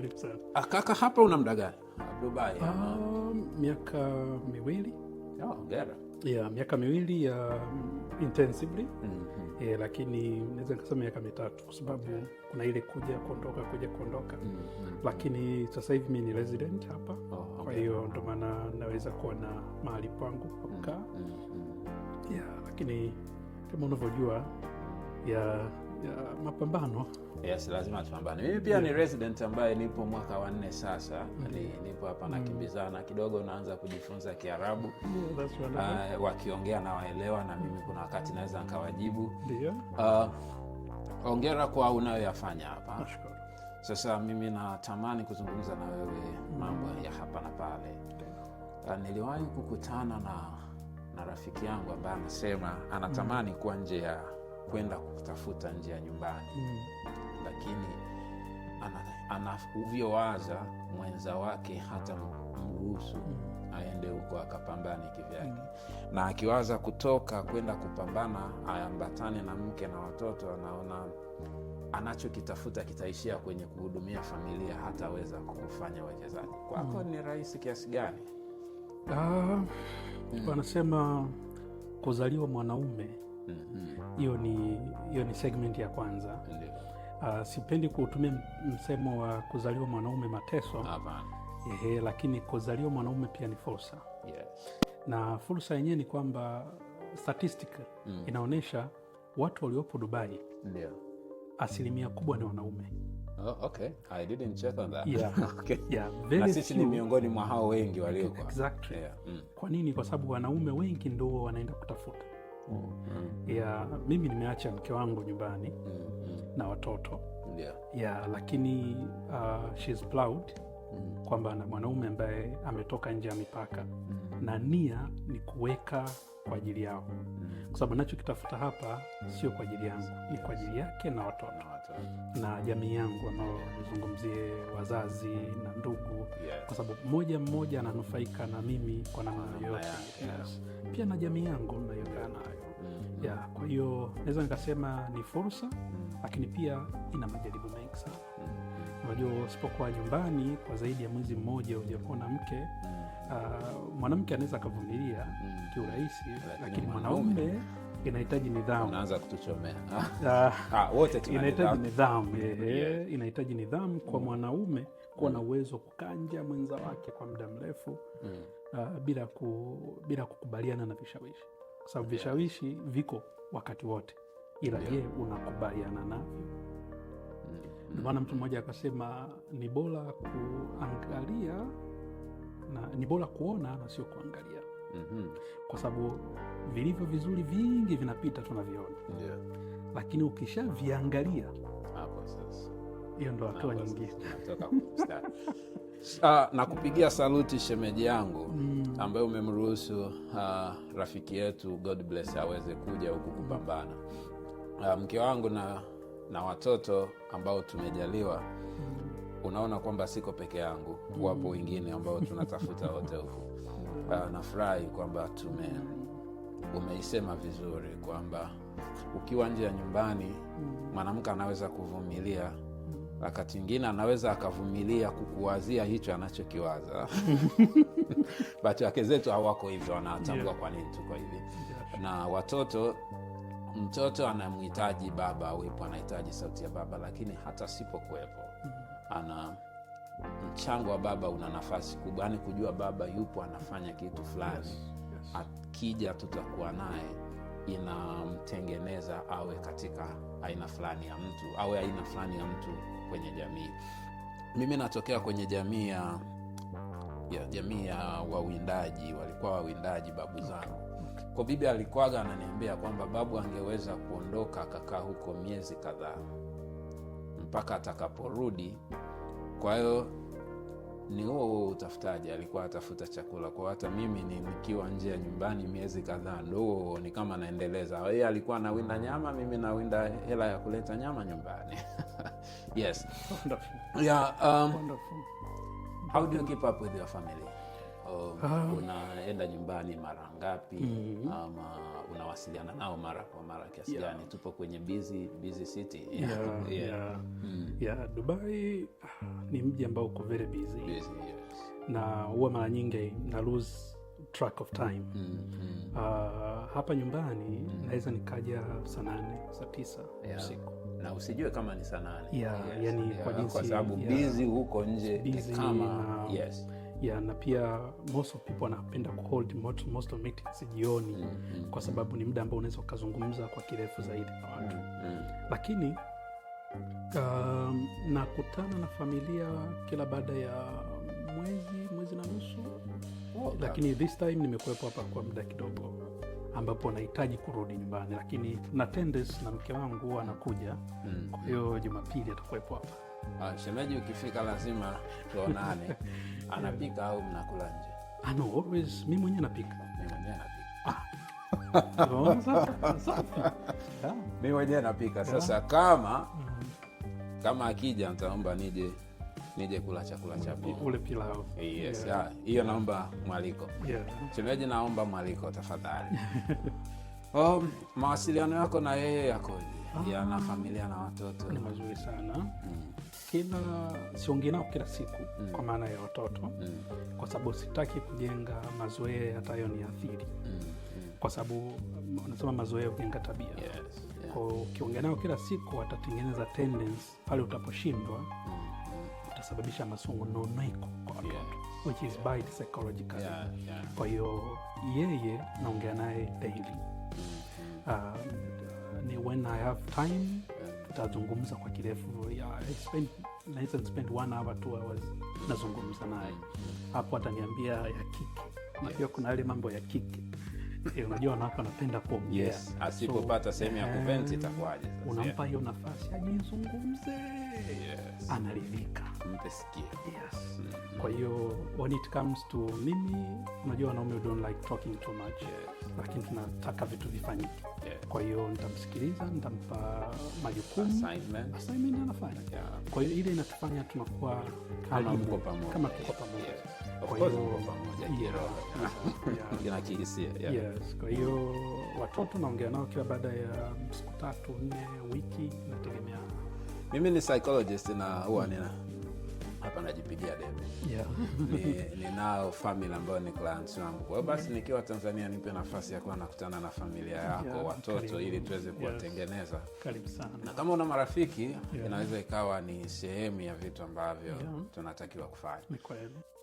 Karibu sana. Ah, kaka, hapa una muda gani ah, Dubai? Ah, miaka miwili. Oh, Yeah, miaka miwili ya uh, intensively mm -hmm. Yeah, lakini naweza nikasema miaka mitatu kwa sababu Kuna ile kuja kuondoka kuja kuondoka mm -hmm. Lakini sasa hivi mimi ni resident hapa oh, okay. Kwa hiyo ndo maana naweza kuwa na mahali pangu mm, kukaa mm -hmm. Yeah, lakini kama unavyojua ya, ya mapambano Yes, lazima tupambane. Mimi pia yeah. ni resident ambaye nipo mwaka wa nne sasa. mm -hmm. Nipo hapa mm-hmm. nakimbizana kidogo, naanza kujifunza Kiarabu. Yeah, uh, wakiongea na waelewa, na mimi kuna wakati naweza nikawajibu. Yeah. Uh, ongera kwa unayoyafanya hapa. Sasa mimi natamani kuzungumza na wewe mambo mm-hmm. ya hapa na pale. Uh, niliwahi kukutana na, na rafiki yangu ambaye anasema anatamani mm-hmm. kuwa nje ya kwenda kutafuta njia nyumbani. Mm lakini anavyowaza ana mwenza wake hata mruhusu mm. aende huko akapambane kivyake, mm. na akiwaza kutoka kwenda kupambana aambatane na mke na watoto, anaona anachokitafuta kitaishia kwenye kuhudumia familia, hataweza kufanya uwekezaji. Kwako mm. ni rahisi kiasi gani? Ah, mm. wanasema mm. kuzaliwa mwanaume mm-hmm. hiyo mm -hmm. ni, ni segment ya kwanza Ndiyo. Uh, sipendi kuutumia msemo wa kuzaliwa mwanaume mateso. Ehe, lakini kuzaliwa mwanaume pia ni fursa. Yes. Na fursa yenyewe ni kwamba mm. inaonyesha watu waliopo Dubai yeah. asilimia kubwa ni wanaume. Oh, okay. I didn't check on that. Yeah. Okay. Yeah, Na sisi ni miongoni mwa hao wengi walioko. Exactly. Yeah. Mm. Kwa nini? Kwa sababu wanaume wengi ndio wanaenda kutafuta Mm, mm, mm. ya mimi nimeacha mke wangu nyumbani mm, mm. na watoto yeah. ya lakini uh, she's proud mm. kwamba na mwanaume ambaye ametoka nje ya mipaka mm na nia ni kuweka kwa ajili yao, kwa sababu nachokitafuta hapa sio kwa ajili yangu, ni kwa ajili yake na watoto na jamii yangu, ambao wazazi na ndugu, kwa sababu mmoja mmoja ananufaika na mimi kwa namna ah, yoyote, pia na jamii yangu nayokaa nayo mm. ya. Kwa hiyo naweza nikasema ni fursa, mm. lakini pia ina majaribu mengi sana. Unajua, usipokuwa nyumbani kwa zaidi ya mwezi mmoja na mke uh, mwanamke anaweza akavumilia mm. kiurahisi, lakini mwanaume inahitaji nidhamu, ah. Ah, inahitaji nidhamu, eh, eh, inahitaji nidhamu kwa mm. mwanaume kuwa na uwezo wa kukanja mwenza wake kwa muda mrefu uh, bila, ku, bila kukubaliana na vishawishi, kwa sababu vishawishi viko wakati wote, ila ye unakubaliana navyo? Ndio maana mtu mmoja akasema ni bora kuangalia na ni bora kuona na sio kuangalia. mm -hmm. Kwa sababu vilivyo vizuri vingi vinapita tunaviona, yeah. Lakini ukishaviangalia hapo sasa, hiyo ndo hatua nyingine. Uh, na kupigia saluti shemeji yangu mm. ambaye umemruhusu uh, rafiki yetu God bless aweze kuja huku kupambana uh, mke wangu na na watoto ambao tumejaliwa, unaona kwamba siko peke yangu, wapo wengine ambao tunatafuta wote huku. Mm. Ah, nafurahi kwamba tume umeisema vizuri kwamba ukiwa nje ya nyumbani mm. mwanamke anaweza kuvumilia wakati ingine anaweza akavumilia kukuwazia hicho anachokiwaza bati wake zetu hawako hivyo, wanatambua yeah. kwa nini tuko hivi yeah. na watoto mtoto anamhitaji baba awepo, anahitaji sauti ya baba, lakini hata sipokuwepo mm-hmm. ana mchango wa baba una nafasi kubwa, yaani kujua baba yupo anafanya kitu fulani, akija tutakuwa naye, inamtengeneza awe katika aina fulani ya mtu, awe aina fulani ya mtu kwenye jamii. Mimi natokea kwenye jamii ya, ya jamii ya wawindaji, walikuwa wawindaji babu zangu kwa bibi alikwaga ananiambia kwamba babu angeweza kuondoka akakaa huko miezi kadhaa mpaka atakaporudi. Kwa hiyo ni huo huo utafutaji, alikuwa atafuta chakula kwao hata mimi ni nikiwa nje ya nyumbani miezi kadhaa, ndo huo ni kama naendeleza. Yeye alikuwa nawinda nyama, mimi nawinda hela ya kuleta nyama nyumbani yes. Yeah, um, How do you keep up with your family? ah. Unaenda nyumbani mara ngapi? mm -hmm. Ama unawasiliana nao mara kwa mara kiasi gani? yeah. Tupo kwenye busy, busy city yeah. Yeah. Yeah. Yeah. Mm. Yeah. Dubai ni mji ambao uko very busy, busy yes. Na huwa mara nyingi na lose track of time mm -hmm. Uh, hapa nyumbani mm -hmm. Naweza nikaja saa nane saa tisa yeah. usiku na usijue kama ni saa nane yeah, yes. Yani yeah, kwa sababu yeah, busy huko nje kama yes yeah, na pia most of people wanapenda kuhold most, most of meetings jioni mm -hmm. kwa sababu ni muda ambao unaweza ukazungumza kwa kirefu zaidi na watu mm -hmm. lakini um, nakutana na familia kila baada ya mwezi mwezi na nusu oh, lakini this time nimekuwepo hapa kwa muda kidogo ambapo nahitaji kurudi nyumbani, lakini na tendes na mke wangu anakuja mm. Kwa hiyo mm. Jumapili atakuwepo hapa. Uh, shemeji ukifika lazima tuonane. Anapika au mnakula nje? Ah, no, always mimi mwenyewe napika. Mimi mwenyewe napika. Ah. Sasa, sasa. Mimi mwenyewe napika. Sasa kama mm-hmm. kama akija nitaomba nije nije kula chakula chako. Ule pilau. Yes, hiyo naomba mwaliko. Yeah. Shemeji, naomba mwaliko tafadhali. Um, mawasiliano yako na yeye yakoje? Ah. Yana familia na watoto? Ni mazuri sana. Mm kila siongei nao kila siku mm. kwa maana ya watoto mm. kwa sababu sitaki kujenga mazoea athiri mm, mm. kwa sababu unasema mazoea hujenga tabia yes. yeah. kwa ukiongea nao kila siku watatengeneza tendency pale utaposhindwa mm. mm. utasababisha masononeko kwa watoto yeah. which is by psychological yeah. yeah. kwa hiyo yeye naongea naye daily mm, uh, when I have time tutazungumza kwa kirefu. Yeah, I one hour hours nazungumza naye hapo, ataniambia ya kike najua kuna yale mambo ya kike eh, unajua wanawake wanapenda kuongea. Yes, asipopata sehemu ya kuvent eh, itakuwaje Unampa hiyo nafasi ajizungumze yes. Anaridhika mtesikia yes. Mm-hmm. Kwa hiyo when it comes to mimi, unajua wanaume don't like talking too much yes. Lakini tunataka vitu vifanyike yes. Kwa hiyo nitamsikiliza, nitampa majukumu assignment, assignment anafanya yeah. Kwa hiyo ile inatufanya tunakuwa kama tuko pamoja, kama tuko pamoja Kwa hiyo yeah. Kwa hiyo watoto naongea nao kila baada ya siku tatu nne, wiki, nategemea mimi ni psychologist na huwa nina hapa najipigia debe Ninao ni family ambayo ni clients wangu, kwa hiyo basi nikiwa Tanzania nipe nafasi ya kuwa nakutana na familia yako watoto karibu, ili tuweze kuwatengeneza yes, na kama una marafiki inaweza ikawa ni sehemu ya vitu ambavyo tunatakiwa kufanya.